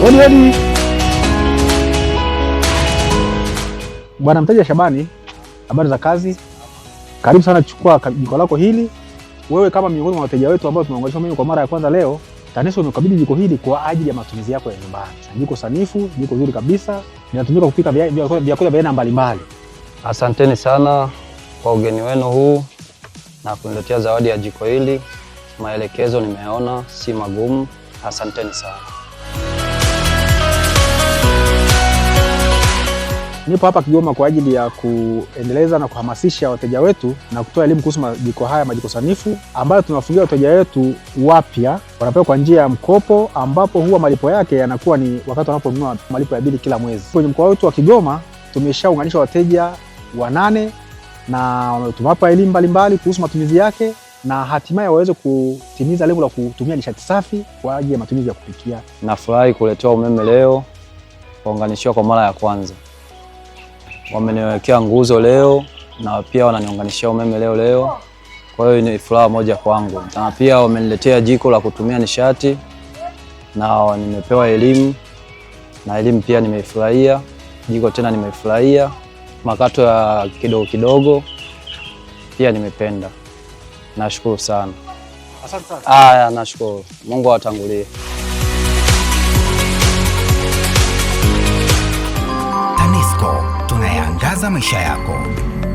Hodi bwana mteja Shabani, habari za kazi? Karibu sana, chukua jiko lako hili. Wewe kama miongoni mwa wateja wetu ambao tumeunganishwa mimi kwa mara ya kwanza leo, TANESCO imekabidhi jiko hili kwa ajili ya matumizi yako ya nyumbani. Jiko sanifu, jiko zuri kabisa, linatumika kupika vyakula vya aina mbalimbali. Asanteni sana kwa ugeni wenu huu na kuniletea zawadi ya jiko hili. Maelekezo nimeona si magumu, asanteni sana. Nipo hapa Kigoma kwa ajili ya kuendeleza na kuhamasisha wateja wetu na kutoa elimu kuhusu majiko haya, majiko sanifu ambayo tunawafungia wateja wetu wapya, wanapewa kwa njia ya mkopo, ambapo huwa malipo yake yanakuwa ni wakati wanaponunua malipo ya bili kila mwezi. Kwenye mkoa wetu wa Kigoma tumeshaunganisha wateja wanane na tumewapa elimu mbalimbali kuhusu matumizi yake na hatimaye waweze kutimiza lengo la kutumia nishati safi kwa ajili ya matumizi ya kupikia. Nafurahi kuletewa umeme leo, kuunganishiwa kwa mara ya kwanza wameniwekea nguzo leo na pia wananiunganishia umeme leo leo, kwa hiyo ni furaha moja kwangu, na pia wameniletea jiko la kutumia nishati na nimepewa elimu na elimu pia nimeifurahia, jiko tena nimeifurahia, makato ya kidogo kidogo pia nimependa. Nashukuru sana. Asante sana. Aya, nashukuru. Mungu awatangulie. za maisha yako.